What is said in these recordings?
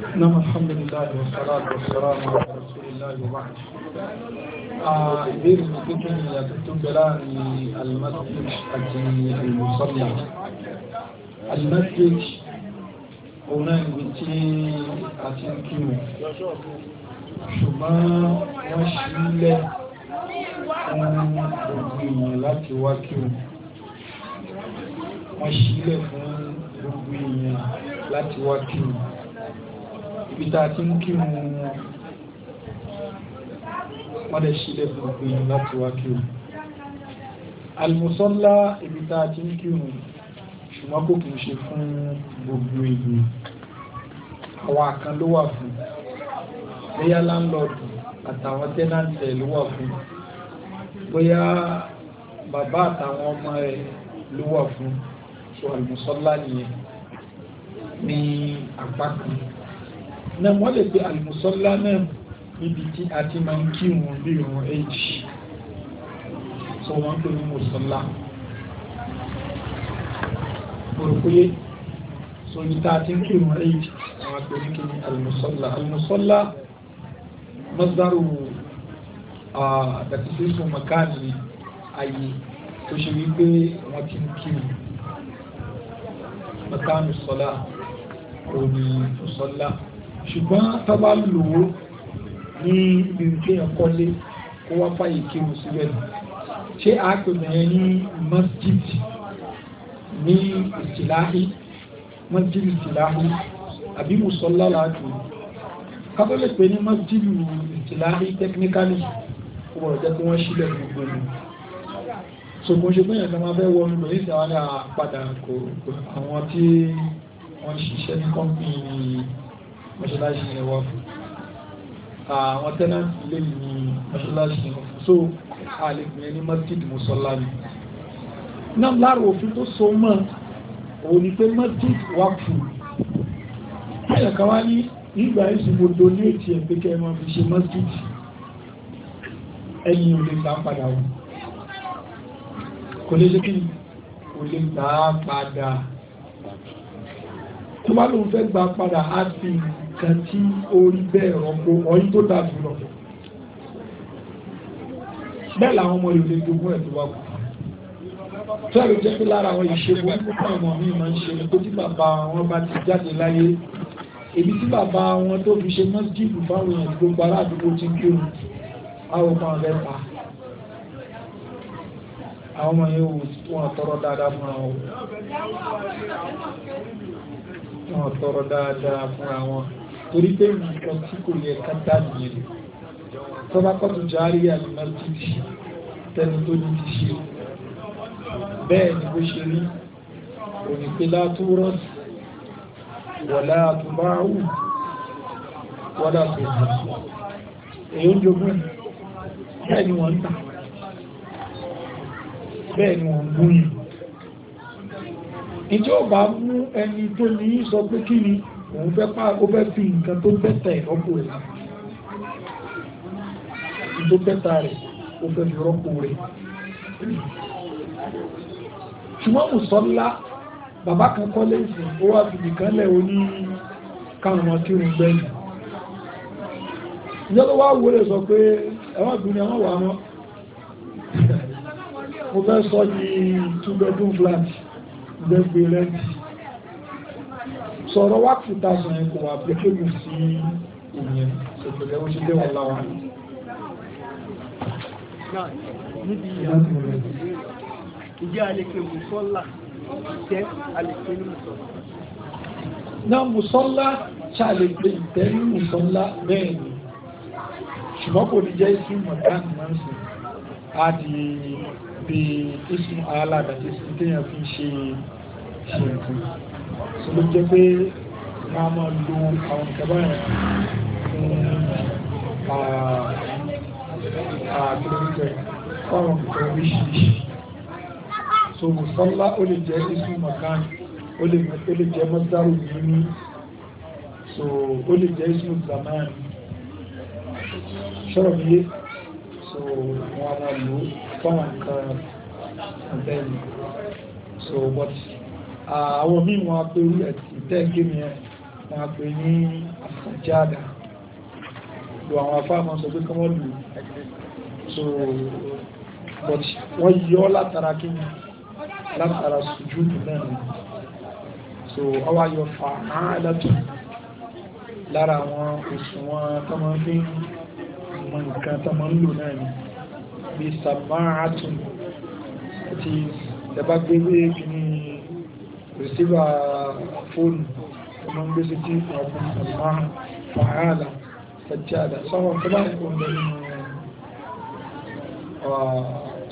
نعم الحمد لله والصلاة والسلام على رسول الله وبعد ìbéèrè tó kí ni yàtọ̀ tó bẹ̀rẹ̀ ní almasjid àti almusalla almasjid òun náà níbi tí a ti ń kí wọn ṣùgbọ́n wọ́n ṣílẹ̀ fún gbogbo èèyàn láti wá kí wọn wọ́n ṣílẹ̀ fún gbogbo èèyàn láti wá kí wọn ibi tá a ti ń kí wọn wọ́n dẹ̀ sílẹ̀ fún gbogbo èèyàn láti wá kí wọn almusọ́lá ibi tá a ti ń kí wọn ṣùgbọ́n kò kìí ṣe fún gbogbo èèyàn àwọn àkan ló wà fún bóyá láńlọ́ọ̀dù àtàwọn tẹ́nàntẹ̀ ló wà fún bóyá bàbá àtàwọn ọmọ ẹ̀ ló wà fún so almusọ́lá nìyẹn ní apá kan náà wọ́n lè pe àlùmọ́sọ́lá náà níbi tí a ti máa ń kí wọn bí wọn èjì sọ wọn pè ní mọ́sọ́lá òrùkúyé sọ ní tá a ti ń kí wọn èjì àwọn pè ní kí ní àlùmọ́sọ́lá àlùmọ́sọ́lá mọ́sáró àdàtí sí makáàlì ayé tó ṣe wípé wọ́n ti ń kí wọn makáàlù sọ́lá òní sọ́lá ṣùgbọ́n tọ́bá lòó ní ibi tí ẹ̀kọ́ lé kó wá fàyè kí o síbẹ̀ ṣe àpẹẹrẹ ní masjid ní ìsìláhí masjid ìsìláhí àbí musọ́lá láàájú kátólẹ̀ pé ní masjid ìsìláhí technically kò wọ̀rọ̀ jẹ́ kí wọ́n sílẹ̀ gbogbo ni so kò ṣe bóyá ìjọba fẹ́ wọ́n lò tí wọ́n ṣiṣẹ́ mọ́ṣáláṣí yẹn wà fún àwọn tẹ́nàtì lè ní mọ́ṣáláṣí yẹn fún so a lè pè ní masjid musọ́lá ni náà lára òfin tó so mọ́ òun ni pé masjid wà fún ẹ̀yà kan wá ní nígbà ìsìnkú donate ẹ̀ pé kẹ́ ẹ máa fi ṣe masjid ẹ̀yìn ò lè gbà padà wọn kò lè ṣe kí kò lè gbà padà tó bá lóun fẹ́ gbà padà á fi nǹkan tí ó rí bẹ́ẹ̀ rọ̀pò ọyún tó dájú lọ bẹ́ẹ̀ làwọn ọmọ ìlú ìjogún ẹ̀ tó wá kù tọ́lù jẹ́ pé lára àwọn ìṣẹ́gun púpọ̀ àwọn míì máa ń ṣe ní kó tí bàbá wọn bá ti jáde láyé èyí tí bàbá wọn tó fi ṣe mọ́síjìbù fáwọn èèyàn gbogbo ará àdúgbò ti ń kírun àwọn ọmọ rẹ̀ pa àwọn ọmọ yẹn wọn tọrọ dáadáa fún àwọn wọn tọrọ dáadáa fún àwọn torí pé nǹkan tí kò yẹ ká dá nìyẹn sọ́dákọ́tù járí àlùmọ́tìtì tẹni tó ní ti ṣe bẹ́ẹ̀ ni bó ṣe rí òyìnpé látúrọ́ wọ̀lá àtúbáhù wọ́dà tó jù èyí jogún bẹ́ẹ̀ ni wọ́n tà bẹ́ẹ̀ ni wọ́n gún yìí ìjọba mú ẹni tó ní sọ pé kí ni òun fẹ́ pa ó fẹ́ fi nǹkan tó bẹ́tà ẹ̀ rọ́pò rẹ̀ láti tó bẹ́tà rẹ̀ ó fẹ́ fi rọ́pò rẹ̀ ṣùgbọ́n mùsọ́lá bàbá kan kọ́lé ìsìn ó wà fìdí kan lẹ̀ oní káwọn tí òun gbẹ̀yìn ìjọ́ tó wá wọlé sọ pé ẹ̀wọ́n ìbìnrin àwọn wà mọ́ mo fẹ́ sọ ní two bedroom flat gbẹ̀gbẹ̀ rẹ́ǹtì sọ̀rọ̀ wá two thousand yẹn kò wà applicable sí ìyẹn ṣètòlẹ́ ó ṣe léwọ̀n láwa. Ìjẹ́ àlèkè mùsọ́lá jẹ́ àlèkè ní mùsọ́lá. Náà mùsọ́lá ṣàlèkè ìtẹ́ ní mùsọ́lá bẹ́ẹ̀ ni. Ṣùgbọ́n kò ní jẹ́ ìsú mọ̀dán máa ń sìn ló jẹ́ pé ká máa lo àwọn ìjọba yẹn fún àgbẹ̀rẹ̀ fọ́nà oríṣiríṣi so musalla ó lè jẹ́ isu makan ó lè jẹ́ masaru yìí so ó lè jẹ́ isu zaman ṣọ́rọ̀ yìí so wọ́n máa lo fọ́nà kan so but àwọn míì wọn apẹ̀rú ẹ̀sìn tẹ́gẹ́mì ẹ̀ wọn apẹ̀ ní àfàjáàdà lò àwọn afáàmọ́ sọ pé kọmọ́ lù so but wọ́n yọ látara kí ni látara sùjú náà so ọwá yọ fàáàdàtù lára àwọn òṣùwọ̀n tọmọ fi ń mọ nǹkan tọmọ ń lò náà ni bí sàmáàtù àti ẹ̀bá gbégbé kìíní rìsíbà fóònù ọmọ gbé sí tí ọkùn alùmáhùn fàáàlà fàtíàdà sọ́wọ́n tó bá ẹ̀kọ́ ọ̀dọ̀ nínú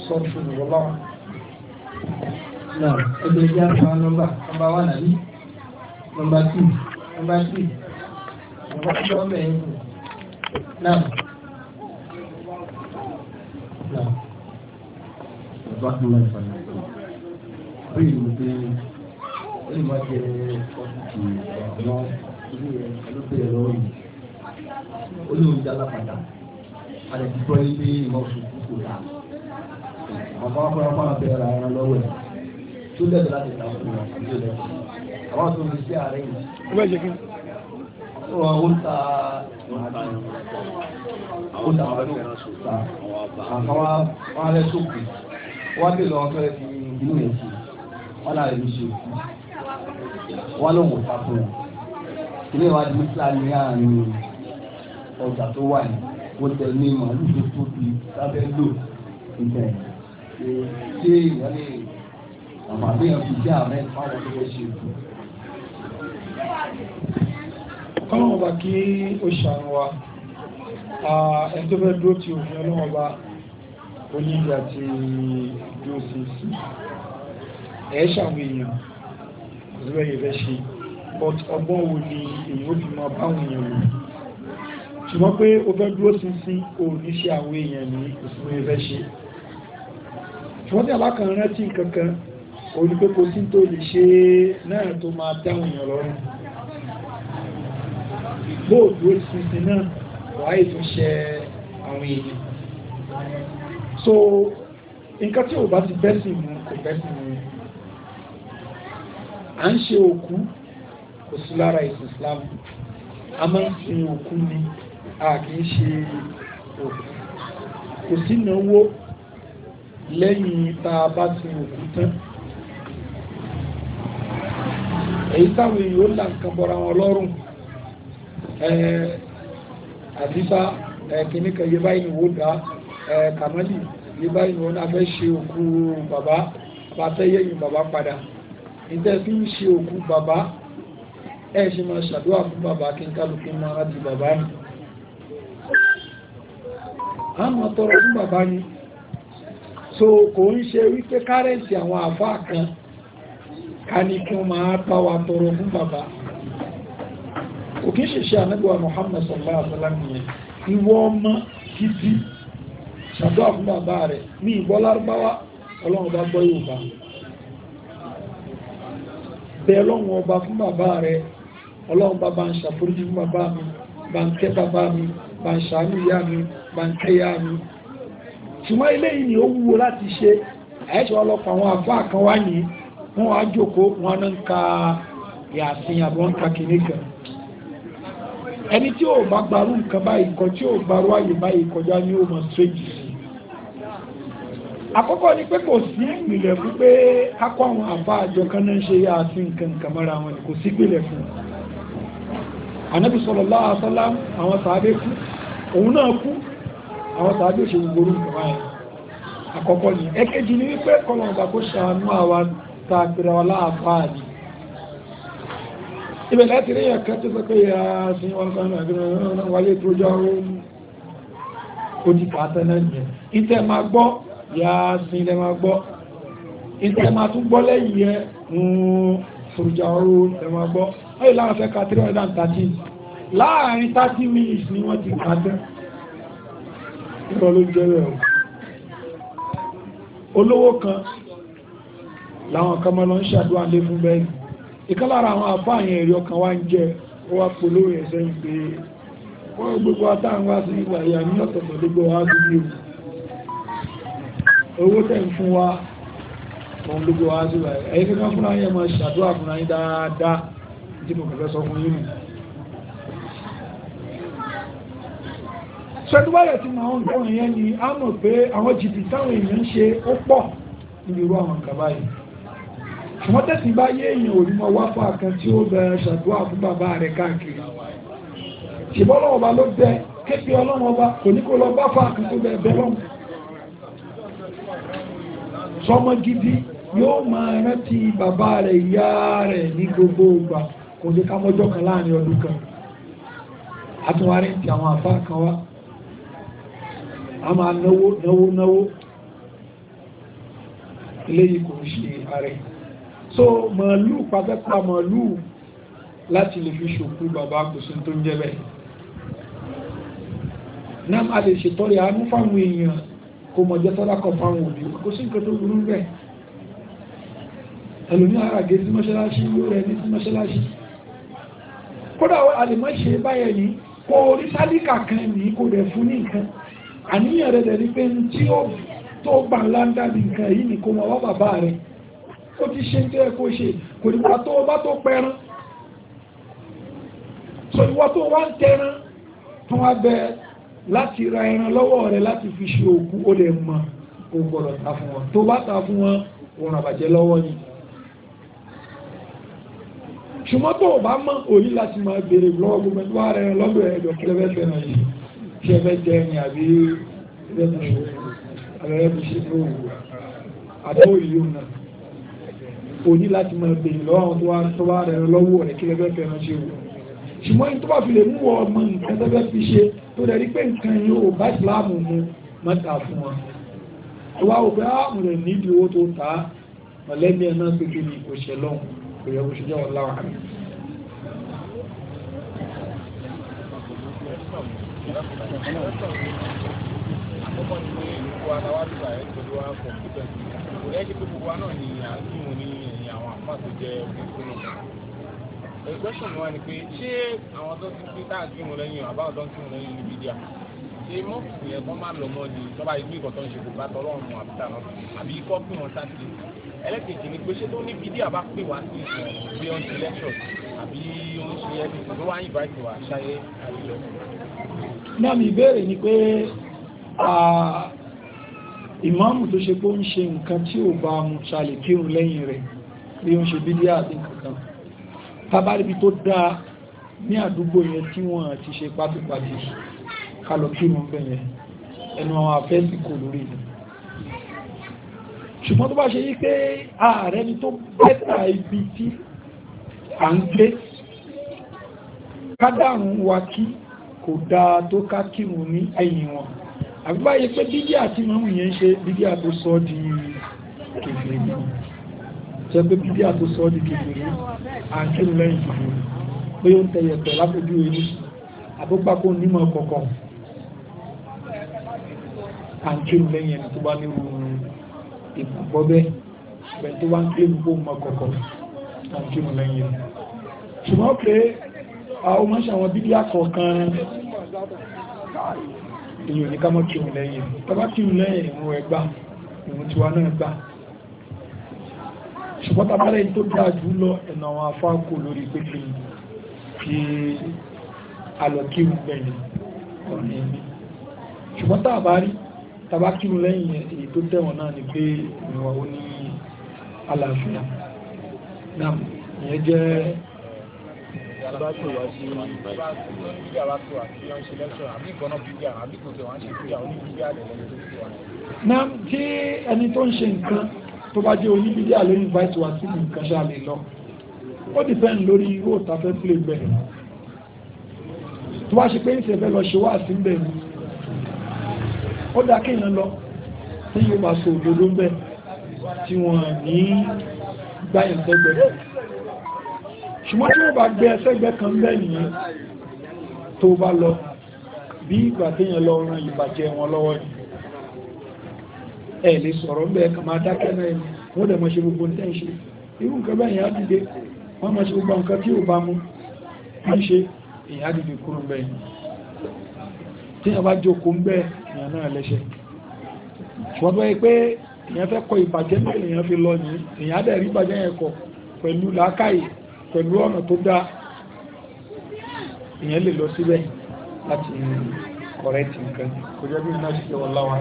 sọ́ọ̀fù wọláwà náà ẹgbẹ́ ìjà fún nọ́mbà nọ́mbà wà nàbí nọ́mbà tù nọ́mbà tù nọ́mbà tù ọmọ ẹ̀yìn kù náà. Bákan náà, bí ìlú pé ó lè má jẹ ọ́fíìsì ọ̀nà ilé ẹ̀ ló bẹ̀rẹ̀ lọ́wọ́ yìí ó lè oúnjẹ alápàdà a lè ti gbọ́ yí pé ìmọ̀ oṣù kúkú rà àwọn afárafá bẹ̀rẹ̀ ara ẹran lọ́wọ́ ẹ̀ tó lẹ́tọ̀ láti ta fún wọn àti ilé àwọn tó ń ṣe ààrẹ yìí. ó bẹ̀ jẹ́ kí. wọ́n ó ta ó ta àwọn ọ̀sán àwọn alẹ́ sókè wọ́n á bè lọ́wọ́ fẹ́rẹ́ fi inú ẹ̀ sí wọ́n láàrin ṣe òkú wọ́n ló wò tako ilé ìwádìí mísà ní àárín ọjà tó wà ní ó tẹ ní màálù tó tóbi sábẹ́ lò ìbẹ̀ ṣé ìyá lè àmàlẹ́ yẹn fi jẹ́ àmẹ́ fáwọn tó fẹ́ ṣe ètò. kọ́lọ́mù ọba kí ó ṣàánú wa ẹni tó fẹ́ dúró ti òfin ọlọ́mù ọba oníbi àti dúró sí sí ẹ̀ ṣàwọn èèyàn àdúrà yìí ṣe but ọgbọ́n wo ni èyí ó fi máa báwọn èèyàn lò ṣùgbọ́n pé o fẹ́ dúró ṣinṣin o ní ṣe àwọn èèyàn ní ìsinmi ẹ̀fẹ́ ṣe ṣùgbọ́n tí alákan rántí kankan o ní pé kò sí tó lè ṣe náà tó máa dáhùn èèyàn lọ́rùn so nǹkan tí ò bá ti à ń ṣe òkú kò sí lára ìsìn Islam a máa ń sin òkú ni a kì í ṣe òkú kò sí náwó lẹ́yìn tá bá sin òkú tán èyí táwọn èèyàn ó là nǹkan bọ̀ra wọn lọ́rùn àdífá kìníkà yé báyìí ni wó dá kàmálì yé báyìí ni wọ́n náà fẹ́ ṣe òkú bàbá bá bàbá padà e fi ń ṣe òkú bàbá ẹ ṣe máa ṣàdúrà fún bàbá kí n kálukú máa di bàbá ni a máa tọrọ fún bàbá ni so kò ń ṣe wípé kárẹ̀sì àwọn àfáà kan ká ní kí wọ́n máa bá wa tọrọ fún bàbá kò kí ṣe ànábíwá Muhammad sallallahu alaihi wasallam nìyẹn ìwọ ọmọ gidi bẹ ọlọ́run ọba fún bàbá rẹ ọlọ́run bàbá ń ṣàforíjì fún bàbá mi bá ń bàbá mi bá ń ṣàánú ìyá mi bá ń ìyá mi ṣùgbọ́n ilé ni ó wúwo láti ṣe àyẹ́ṣẹ́ ọlọ́pàá àwọn àfáà kan wá ní wọn ka àbọ̀ ń ka kìíní kan ẹni àkọ́kọ́ ni pé kò sí ìpìlẹ̀ fún pé akọ́ àwọn àbá àjọ kan náà ṣe yá àti nǹkan kàmọ́ra wọn kò sí ìpìlẹ̀ fún anábì sallallahu alaihi wasallam àwọn sàábé kú òun náà kú àwọn sàábé ṣe gbogbo nǹkan báyìí àkọ́kọ́ wa láàfáà ni ibẹ̀ láti rí ẹ̀kẹ́ tó sọ ya sí wọn kan náà wálé tó jọ ó di pàtẹ́ gbọ́ yáásín lẹ máa gbọ́ ìtẹ́ máa tún gbọ́ lẹ́yìn yẹ ṣòrùjà ọrọ̀ lẹ máa gbọ́ ẹ̀yìn láwọn fẹ́ ka 313 láàrin 30 minutes ni wọ́n ti kà tẹ́ ìrọ̀ ló jẹ́ rẹ̀ olówó kan láwọn kan mọ́ lọ ń ṣàdúrà lé fún bẹ́ẹ̀ ìkan lára àwọn àfáàyàn èrè ọkàn wá ń jẹ ó wá polówó ẹ̀sẹ̀ ìgbé wọ́n gbogbo àtàwọn wá sí ìgbà ìyà ní ọ̀tọ̀ọ̀tọ̀ gbogbo wá sí ìgbà owó tẹ̀ ń fún wa wọn lójú wa sí wa ẹ̀yẹ́ kíkọ́ fúnra yẹn máa ṣàdúrà fúnra yín dáadáa tí mo fẹ́ sọ fún yín nù. tí màá ń gbọ́n yẹn ni a mọ̀ pé àwọn jìbìtì táwọn èèyàn ń ṣe ó pọ̀ níbi irú àwọn nǹkan báyìí ṣùgbọ́n tẹ̀sí bá yé èèyàn ò ní mọ wáfà kan tí ó bẹ̀rẹ̀ ṣàdúrà fún bàbá rẹ̀ káàkiri ṣùgbọ́n ọlọ́wọ́ ló bẹ kébi ọlọ́wọ́ bá kò ní kó lọ bá fà kan tó bẹ̀ bẹ́ lọ́wọ́ sọmọ gidi yóò máa rántí bàbá rẹ̀ ìyá rẹ̀ ní gbogbo ìgbà kò lè ká mọ́jọ́ kan láàrin ọdún kan àtúnwárí ti àwọn àfá kan wá a máa náwó náwó náwó léyìí kò ṣe ààrẹ so màálù pàtẹ́pà màálù láti lè fi ṣòkú bàbá kòsí tó ń jẹ́ bẹ́ẹ̀ náà a lè ṣètọ́rẹ̀ àánú fáwọn èèyàn kó mọ jẹ́ sọ́dá kọ̀ fáwọn òbí kó sí nǹkan tó burú bẹ́ẹ̀ ẹlòmí ara gé sí mọ́ṣáláṣí yóò rẹ̀ ní sí mọ́ṣáláṣí kódà alìmọ́ṣe báyẹ̀ ní kó orí sálíkà kan ní kó rẹ̀ fún ní nǹkan àníyàn rẹ̀ ní pé tí ó tó gbà ńlá ń dábì nǹkan yìí ní kó mọ wá bàbá rẹ̀ ó ti ṣe tó ẹ kó ṣe kò nípa tó bá tó pẹran so ìwọ tó wá ń tẹran tó wá bẹ́ẹ̀ láti ra ẹran lọ́wọ́ rẹ̀ láti fi ṣe òkú ó lè mọ̀ kò gbọ́dọ̀ ta fún wọn tó bá ta fún wọn òun àbàjẹ́ lọ́wọ́ ni ṣùgbọ́n tó bá mọ̀ òní láti máa béèrè lọ́wọ́ gbogbo ẹni wá rẹ̀ lọ́dọ̀ ẹ̀dọ̀ kílẹ̀fẹ́ fẹ́ràn yìí ṣùgbọ́n tó bá fi lè mú ọmọ nǹkan tẹ́fẹ́ fi ṣe tó rẹ̀ rí pé nǹkan yóò bá ìsìláàmù mú mọ́ta fún wọn tó wá òpé ààrùn rẹ̀ níbi owó tó ta mọ̀lẹ́bí ẹ̀ náà pépé ní òṣèlú ọ̀hún kò yẹ kó ṣe jẹ́ ẹgbẹ́sùn mi wá ni pé ṣé àwọn tó ti fi táà kí mo lẹ́yìn àbáwọ̀ tó ń kí mo lẹ́yìn níbi díà ṣé mọ́ọ̀kì yẹn kọ́ máa lọ mọ́ ni tọ́ba ìlú ìkọ̀ tó ń ṣe kò bá tọ́lọ́run mu àbí tààrà àbí kọ́ pé wọ́n sá sí ni pé ṣé tó ní bídíà bá pè wá sí ìsìn bí wọ́n ti lẹ́ṣọ̀ àbí wọ́n ṣe ẹni tó wá ìbáìtì wà ṣáyé àlejò. ni pé ìmáàmù tó ṣe pé ó ń ṣe nǹkan tí ò bá mu ṣàlè lẹ́yìn rẹ̀ bí ó ń ṣe bídíà àti nǹkan kan tàbáríbi tó dáa ní àdúgbò yẹn tí wọ́n ti ṣe pátípátí kalọ̀ kí wọ́n bẹ̀yẹ ẹnu àwọn afẹ́sì kò lórí ìlú ṣùgbọ́n tó bá ṣe yí pé ààrẹ ni tó bẹ́ta ibi tí a ń gbé kádàrún wa kí kò dáa tó ká ní ẹ̀yìn wọn àbíbáyé pé bídíà tí mọ́mù yẹn ṣe bídíà tó di kèfèrè náà ṣe pé bíbí àti sọ ọ́ di kékeré àti lẹ́yìn fún un pé ó ń tẹ̀yẹ̀ pẹ̀ lábójú ẹni àbúgbàkó onímọ̀ kọ̀ọ̀kan àti lẹ́yìn ẹni tó bá ní ohun ìgbàgbọ́ bẹ́ẹ̀ bẹ́ẹ̀ tó bá ń pè gbogbo ọmọ kọ̀ọ̀kan àti lẹ́yìn ẹni ṣùgbọ́n pé àwọn máa ń ṣàwọn bíbí àkọ̀ọ̀kan ò ní ká mọ́ kí òun lẹ́yìn kí òun lẹ́yìn ìmú ẹgbà ìmú tiwa náà gbà ṣùgbọ́n tàbálẹ̀ tó dáa jù lọ ẹ̀nà àwọn afáàkò lórí pépé kí alọ́kírù gbẹ̀yìn ọ̀nà ẹ̀mí ṣùgbọ́n tàbárí tàbákírù lẹ́yìn èyí tó tẹ̀wọ̀n náà ni pé ìwà ó ní àlàáfíà náà ìyẹn jẹ́ náà tí ẹni tó ń ṣe tó bá jẹ́ oníbídí àlè invite wa sí nǹkan ṣe àlè lọ ó dìfẹ́ǹ lórí irú òtafẹ́ sílé gbẹ̀ tó bá ṣe pé ń sẹ̀fẹ́ lọ ṣe wá sí ń bẹ̀ ni ó dá kéèyàn lọ tí yóò bá so òdodo ń bẹ̀ tí wọ́n ní gbáyàn sẹ́gbẹ̀ ṣùgbọ́n tí wọ́n bá gbé ẹsẹ́gbẹ́ kan bẹ̀ nìyẹn tó bá lọ bí ìgbà téèyàn lọ ran ìbàjẹ́ wọn lọ́wọ́ yìí ẹ̀ lè sọ̀rọ̀ ń bẹ́ẹ̀ kàmá dákẹ́ náà wọ́n dẹ̀ máa ṣe gbogbo ní tẹ́ǹṣe irú nǹkan bá ìyá dìde wọ́n máa ṣe gbogbo nǹkan tí ò bá mú ń ṣe ìyá dìde kúrò bẹ́ẹ̀ tí a bá jókòó ń bẹ́ẹ̀ ìyàn náà lẹ́ṣẹ̀ ṣùgbọ́n tó yẹ pé ìyàn kọ̀rẹ́tì nǹkan kò jẹ́ bí iná ṣe wọ́n láwọn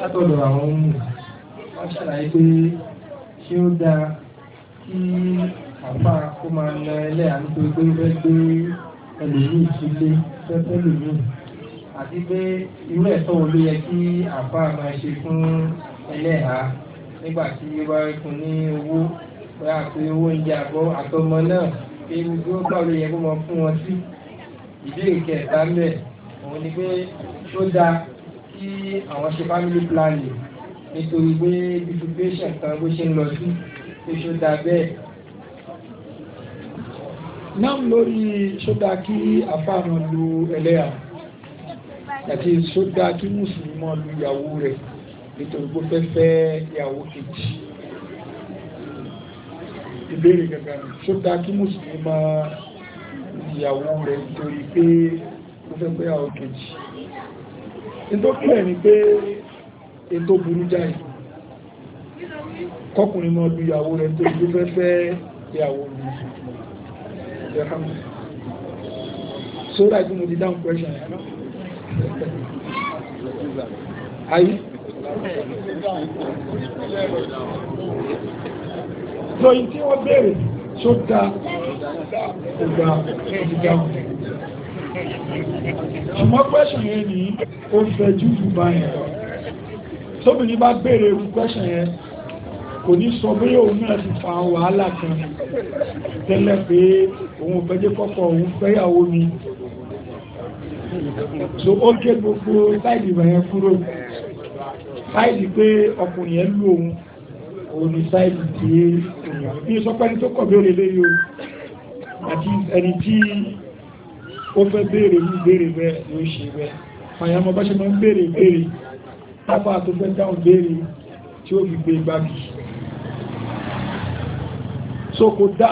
látọ̀dọ̀ àwọn ọmọ wọ́n ṣàlàyé pé ṣé ó dáa kí àpá kó máa na ẹlẹ́yà nítorí pé fẹ́ gbé ẹlòmíì sílé fẹ́fẹ́ lòmíì àti pé irú ẹ̀tọ́ wo ló yẹ kí àpá máa ṣe fún ẹlẹ́yà nígbà tí ó bá fún ní owó bá pé owó oúnjẹ àbọ̀ àtọmọ náà pé gbogbo ó bá ló yẹ kó máa fún wọn sí ìdí ìkẹta mẹ́ òun ni pé ó dáa tí àwọn ṣe family planning nítorí pé situation kan bó ṣe ń lọ sí pé ṣódà bẹ́ẹ̀. náà lórí ṣódà kí afáàmọ̀ lu ẹlẹ́yà àti ṣódà kí mùsùlùmí mọ́ lu ìyàwó rẹ̀ nítorí pé fẹ́ fẹ́ ìyàwó kejì ìbéèrè gangan ṣódà kí mùsùlùmí máa ìyàwó rẹ̀ nítorí pé ó ìyàwó kejì tó pẹ̀ ní pé ètò burú jáì kọkùnrin mọ́ bí ìyàwó rẹ̀ tó ìlú fẹ́ fẹ́ ìyàwó rẹ̀ so that you will be down question ayi so in tí wọ́n bèèrè ṣó dá ọgbà ẹ̀dìdáhùn ṣùgbọ́n pẹ́ṣùn yẹn ni ó fẹ́ jù jù bá yẹn lọ tóbìnrin bá béèrè irú pẹ́ṣùn yẹn kò ní sọ bí òun náà ti fa wàhálà kan tẹ́lẹ̀ pé òun fẹ́jẹ́ kọ́kọ́ òun fẹ́yàwó mi so ó gé gbogbo sáìdì wẹ̀yẹn kúrò sáìdì pé ọkùnrin ẹ̀ lú òun òun ni sáìdì tí èèyàn bí sọpẹ́ni tó kọ̀ bí ó lè léyò àti ẹni tí ó fẹ́ béèrè ní béèrè bẹ́ẹ̀ ló ṣe bẹ́ẹ̀ àyàmọ́ bá ṣe máa ń béèrè béèrè tábà tó fẹ́ dáhùn béèrè tí ó fi gbé e gbági so kò dá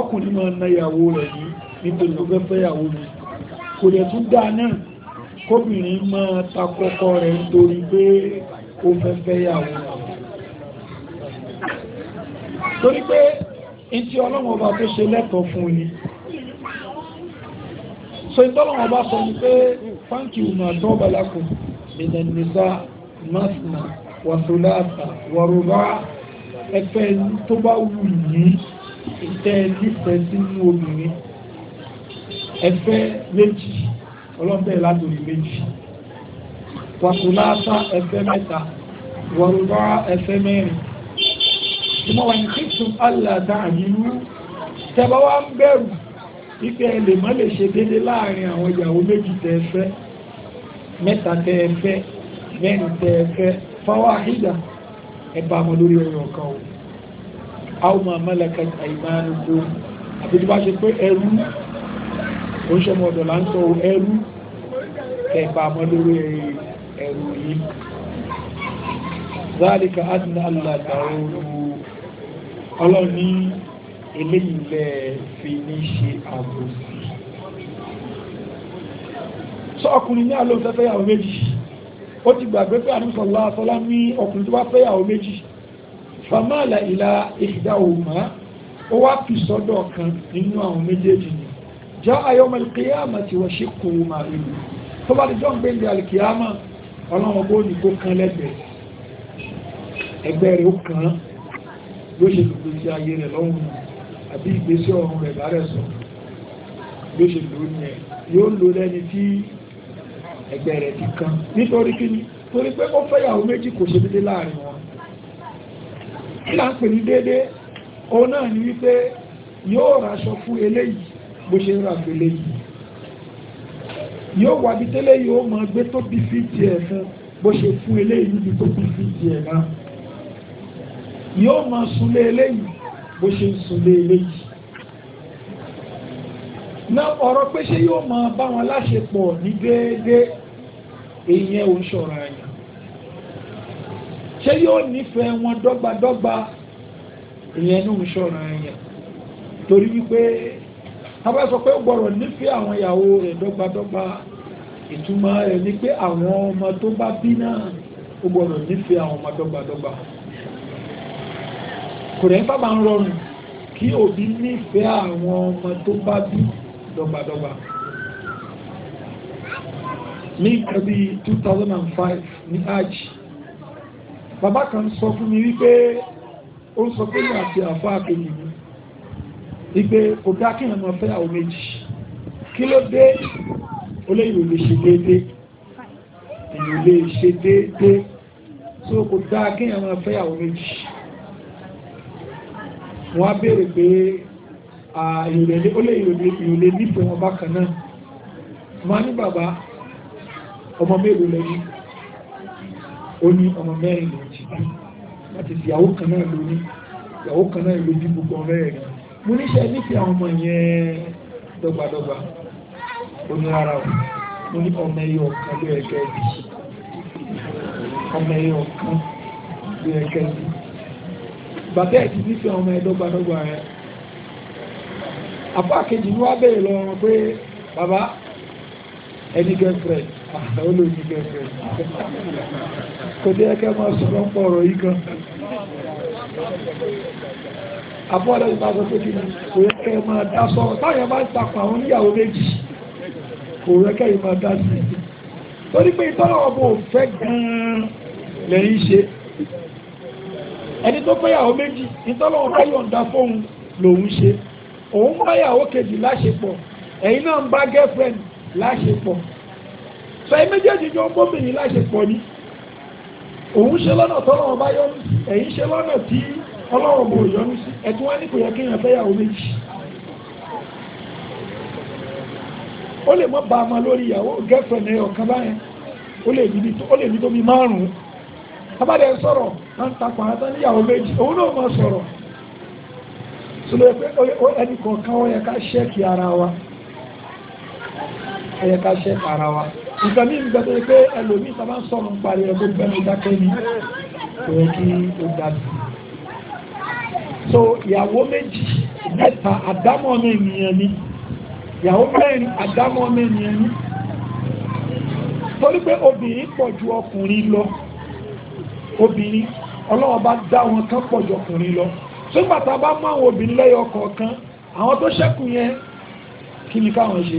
ọkùnrin máa na ìyàwó rẹ̀ yìí nítorí ó fẹ́ fẹ́ ìyàwó mi kò dẹ̀ tún dá náà kóbìnrin máa takọ́kọ́ rẹ̀ nítorí pé ó fẹ́ fẹ́ ìyàwó rẹ̀ torí pé in tí ọlọ́wọ́ bá tó ṣe lẹ́tọ̀ọ́ fún ni so ìtọ́lọ́wọ́ bá sọ ní pé fáńkì ìmọ̀ àtọ́bàlákù ìdẹ̀nìsá masna wàtúláàtà wàrùbá ẹgbẹ́ tó bá wù ní ìtẹ́ nífẹ̀ẹ́ sínú obìnrin ẹgbẹ́ méjì ọlọ́bẹ̀ látòrí méjì wàtúláàtà ẹgbẹ́ mẹ́ta wàrùbá ẹgbẹ́ mẹ́rin tí mọ́ wà ní kíkùn ń bẹ̀rù wípé ẹ lè má lè ṣe déédé láàrin àwọn ìyàwó méjì tẹ́ fẹ́ mẹ́ta tẹ́ fẹ́ mẹ́rin tẹ́ fẹ́ fáwọn àhídà ẹ bá wọn lórí ọ̀rọ̀ kan o àwọn máa mẹ́lẹ̀kẹ́ àìmánu kó àti tí bá ṣe pé ẹrú ó ẹrú ẹ bá lórí ẹrú yìí eléyìnlẹ̀ fi ní ṣe àbòsí sọ ọkùnrin ní àlọ́ fẹ́ fẹ́yàwó méjì ó ti gbàgbé pé àníṣọ́lá sọ́lá ní ọkùnrin tó wá fẹ́yàwó méjì fàmáàlà ìlà ìdá òmá ó wá fi sọ́dọ̀ kan nínú àwọn méjèèjì ni já ayọ́mọ ìkìyàmà ti wọ́n ṣe kò tó sí ayé rẹ̀ lọ́wọ́ àbí ìgbésí ọ̀run rẹ̀ bá rẹ̀ sọ yóò ṣe lò ní ẹ̀ yóò lò lẹ́ni tí ẹgbẹ́ rẹ̀ ti kan nítorí kí ni torí pé ó fẹ́yàwó méjì kò ṣe dédé láàrin wọn ìlà ń pè ní dédé òun náà ni wípé yóò raṣọ fún eléyìí bó ṣe ń ra fún eléyìí yóò wà bí tẹ́lẹ̀ yóò máa gbé tó bí fi fún bó ṣe fún eléyìí níbi tó bí fi náà yóò máa súnlé eléyìí bó ṣe ń súnlé eléyìí na ọ̀rọ̀ pé ṣe yóò máa bá wọn láṣepọ̀ ní déédé èèyàn ò ń ṣọ̀rọ̀ àyàn ṣe yóò nífẹ̀ẹ́ wọn dọ́gbadọ́gba èèyàn ní òun ṣọ̀rọ̀ àyàn torí wípé tábà sọ pé ó gbọ́rọ̀ nífẹ̀ẹ́ àwọn ìyàwó rẹ̀ dọ́gbadọ́gba ìtumọ̀ rẹ̀ ni pé àwọn ọmọ tó bá bí náà ó gbọ́rọ̀ nífẹ̀ẹ́ àwọn ọmọ dọ́gbadọ́gba kò rẹ̀ sábà ń rọrùn kí òbí nífẹ̀ẹ́ àwọn ọmọ tó bá bí dọ́gbadọ́gba ní ẹbí 2005 ní hajj bàbá kan sọ fún mi wípé ó sọ pé ní àti àfá àkèlì mi wípé kò dá kí ọmọ fẹ́ àwọn méjì kí ló dé olóyìn lè ṣe déédé èyí lè ṣe déédé so kò dá kí ọmọ fẹ́ àwọn méjì wọ́n á béèrè pé ìrọ̀lẹ́ ó lè ìrọ̀lẹ́ nífẹ̀ẹ́ wọn bákan náà máa ní bàbá ọmọ mélòó lẹ́yìn ó ní ọmọ mẹ́rin lè jì bí àti ìyàwó kan náà ló ìyàwó kan náà ló gbogbo ọ̀rẹ́ rẹ̀ mo níṣẹ́ nífẹ̀ẹ́ àwọn ọmọ yẹn dọ́gbadọ́gba ó ní rárá o mo ní ọmọ ẹyọ kan ló bí bàtẹ́ ẹ̀ ti ní fi ọmọ ẹ̀dọ́gbàdọ́gbà rẹ̀ apá kejì ní wá bèèrè lọ wọn pé bàbá ẹni girlfriend olóòjì ah, girlfriend kò dé ẹkẹ́ máa sọ̀rọ̀ ń pọ̀ ọ̀rọ̀ yìí kan apá ọ̀dọ́jì máa sọ pé kí ni kò yẹ kẹ́ máa dá sọ̀rọ̀ táyà máa ń takùn àwọn oníyàwó méjì kò yẹ kẹ́ yìí máa dá sí torí pé ìtọ́lọ́wọ́ bò fẹ́ gan-an lẹ́yìn ṣe ẹni tó fẹ́yàwó méjì nítọ́lọ́wọ́ bá yọ̀ǹda fóun lòun ṣe òun báyàwó kejì láṣepọ̀ ẹ̀yin náà ń bá girlfriend láṣepọ̀ sọ ẹ méjèèjì jọ bóbìnrin láṣepọ̀ ni òun ṣe lọ́nà tọ́lọ́wọ́ bá yọ́nú sí ẹ̀yin ṣe lọ́nà tí ọlọ́wọ́ bò yọ́nú sí ẹ̀tún wá ní kò yẹ kí èèyàn fẹ́yàwó méjì girlfriend ẹ̀yọ̀ kan báyẹn ó lè ní tó bí márùn-ún wọ́n takò àwọn tán níyàwó méjì òun náà máa sọ̀rọ̀ sọlọ pé ẹnì kọ̀ọ̀kan ó yẹ ká ṣẹ́ẹ̀kì ara wa ó yẹ ká ṣẹ́ẹ̀kì ara wa nǹkan ní ìgbà tó yẹ pé ẹlòmíì sábà ń sọ̀rọ̀ ń parí ẹ̀ tó gbẹ́ mi dákẹ́ ni kò yẹ kí ó ga sí so ìyàwó méjì mẹ́ta àdámọ́ mi nìyẹn ni ìyàwó mẹ́rin àdámọ́ mi ni torí obìnrin pọ̀ ju ọkùnrin lọ obìnrin ọlọ́wọ́ bá dá wọn kán pọ̀jù ọkùnrin lọ sígbà tá a bá mú àwọn obìnrin lẹ́yọ kọ̀ọ̀kan àwọn tó ṣẹ́kù yẹn kí ni káwọn ṣe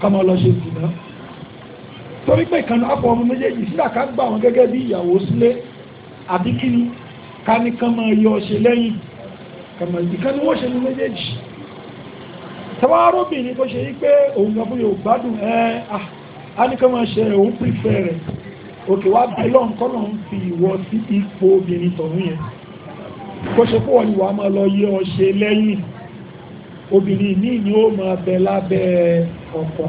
káwọn lọ ṣe ìdìbò torí pé ìkànnì àpò ọmọ méjèèjì sílà ká gbà wọn gẹ́gẹ́ bí ìyàwó sílé àbí kí ni ká ní kán máa yọ ṣe lẹ́yìn kàmọ̀ ìkànnì wọ́n ṣe ní méjèèjì tọ́wárọ́bìnrin tó ṣe yí pé òun gbàgbọ́ yóò gbádùn ẹ́ á ní kán máa ṣe òun pífẹ́ rẹ̀ òkè wá bẹ́lọ̀ kọ́nà ń fi ìwọ sí ipò obìnrin tọ̀hún yẹn kó ṣe fún ọ̀nìwà máa lọ yẹ ọṣẹ lẹ́yìn obìnrin ní ni ó máa bẹ lábẹ́ ọkọ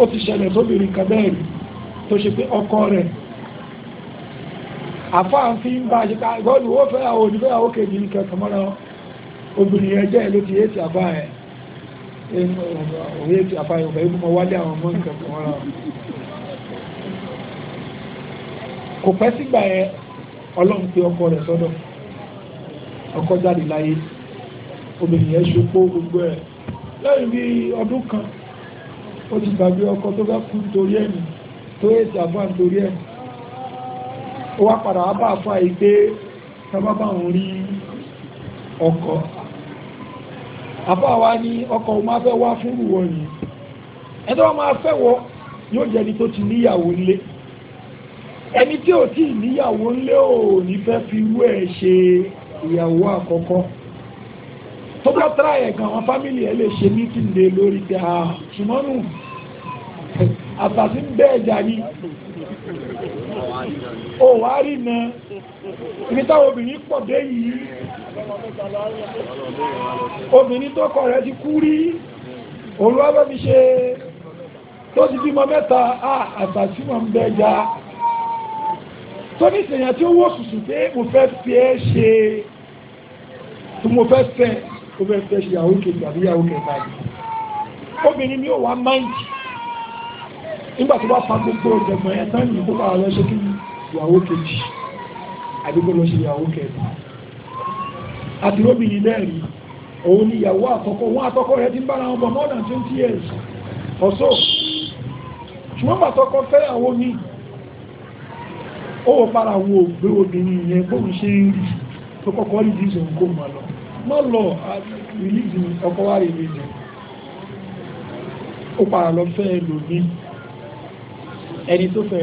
ó ti ṣẹlẹ̀ tóbìnrin kan bẹ́ẹ̀ rí tó ṣe pé ọkọ rẹ̀ àfáà fi ń bá ṣe ká ìgbọ́nù ó fẹ́ àwọn onífẹ́yàwó kejì ní kẹkàn mọ́ra obìnrin ẹjẹ́ ìlú ti yéètì àbá ẹ̀ òye ti àfáà ìgbà ìgbùmọ̀ wálé àwọn ọmọ ìkẹkàn mọ́ra kò pẹ́ sígbà ẹ ọlọ́run pé ọkọ rẹ̀ sọ́dọ̀ ọkọ jáde láyé obìnrin yẹn ṣopó gbogbo ẹ lẹ́yìn bí ọdún kan ó ti ọkọ tó bá kú nítorí ẹ̀mí tó èsì àbá nítorí ẹ̀mí bá sábà bá rí ọkọ wa ọkọ o máa wá fún ẹni tó wọ yóò tó ti níyàwó ẹni tí ò tí níyàwó ńlé ò ní fẹ́ fi irú ẹ̀ ṣe ìyàwó àkọ́kọ́ tó bá tẹ́lá ẹ̀gàn àwọn fámìlì ẹ̀ lè ṣe mítìndé lórí pé a ah, ṣùgbọ́nù àtàtí ń bẹ́ẹ̀ jàrí ò wá rí na ibi táwọn obìnrin pọ̀ dé yìí obìnrin tó kọ̀ rẹ̀ ti kú rí òun wá bẹ́ fi ṣe tó ti bímọ mẹ́ta ah, àtàtí wọn bẹ́ẹ̀ jà tó ní sèyàn tí ó wó sùsù pé mo fẹ́ fi ẹ́ ṣe tó mo fẹ́ fẹ́ ó fẹ́ fẹ́ ṣe yàwó kejì àbí yàwó kẹta ni obìnrin ni ó wà máìjì nígbà tó bá pa gbogbo ọ̀dẹ̀gbọ̀n ẹ̀ tán ní kópa àwọn ẹṣẹ́ kí yàwó kejì àbí kó lọ ṣe yàwó kẹta àti obìnrin náà rí òun ni ìyàwó àkọ́kọ́ wọn àkọ́kọ́ rẹ̀ ti ń bára wọn bọ̀ more than twenty years ọ̀sọ́ ṣùgbọ́n bàtọ́kọ́ fẹ́ àwọn míì ó fara wo ògbé obìnrin yẹn bóun ṣe ń rí tó kọ́kọ́ rí díìsì kó mọ̀ lọ mọ́ lọ ọkọ̀ lọ fẹ́ lòmí ẹni tó fẹ́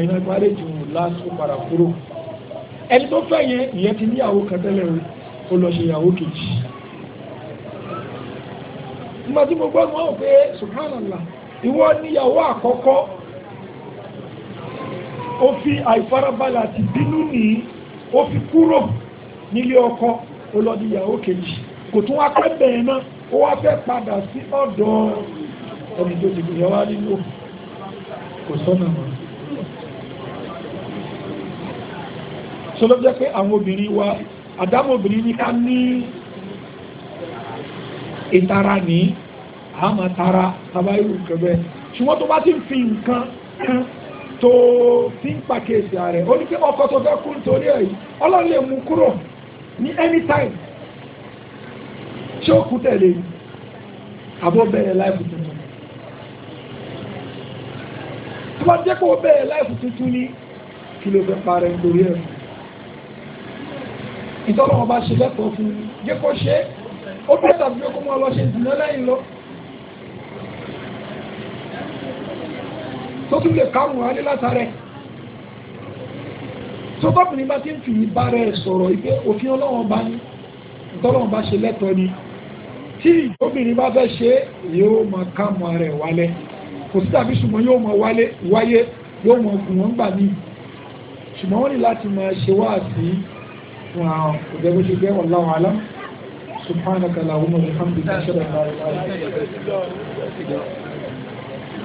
láti ó kúrò ẹni tó fẹ́ yẹn ìyẹn ti kan tẹ́lẹ̀ ó lọ ṣe ìyàwó kejì mo gbọ́ mọ́ pé ó fi àìfarabalẹ̀ àti bínú ní ó fi kúrò nílé ọkọ ó lọ di ìyàwó kejì kò tún wá pẹ́ bẹ̀rẹ̀ náà ó wá fẹ́ padà sí ọ̀dọ̀ ẹni tó ti gbìyànjú wá nínú kò sọ́nà wọn so ní ká ní tàbí irú ṣùgbọ́n tó bá ti fi nǹkan kan tó fi ń pàkíyèsí ààrẹ ó ní pé ọkọ̀ tó fẹ́ kú nítorí ẹ̀ ọlọ́run lè mú kúrò ní anytime ṣé ó kú tẹ̀lé yìí àbọ̀ bẹ̀rẹ̀ láìpù tuntun tí wọ́n jẹ́ kó bẹ̀rẹ̀ láìpù tuntun ní kí ló fẹ́ parẹ́ nítorí ẹ̀ ìtọ́lọ́wọ́n bá ṣe lẹ́tọ̀ọ́ fún un jẹ́ kó ṣe é ó bẹ̀rẹ̀ tàbí ó mọ́ ọ ìdùnnú lẹ́yìn lọ tó tún lè kárùn wá ní látàrẹ tó tọ́kùnrin bá ti ń fi ìbára ẹ̀ sọ̀rọ̀ ìgbé òfin ọlọ́wọ́n bá ní ìtọ́lọ́wọ́n bá ṣe lẹ́tọ̀ọ́ ni tí ìjọbìnrin bá fẹ́ ṣe yóò mọ kámọ́ rẹ̀ wálẹ̀ kò sí tàbí ṣùgbọ́n yóò mọ wáyé yóò mọ gùn wọ́n gbà ní ṣùgbọ́n wọ́n ní láti máa ṣe wá sí wọn àwọn òjẹ́gbé ṣe subhanaka lahumma wa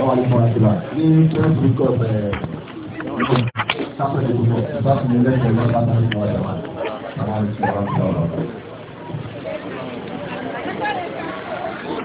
Ẹwà ní fún àtìlá ní twelve week of sáfẹ́ ìdìbò sáfẹ́ ìdìbò lẹ́yìn ọ̀la bá bá ń sọ ọ̀rọ̀ wa. Àwọn àti ọ̀rọ̀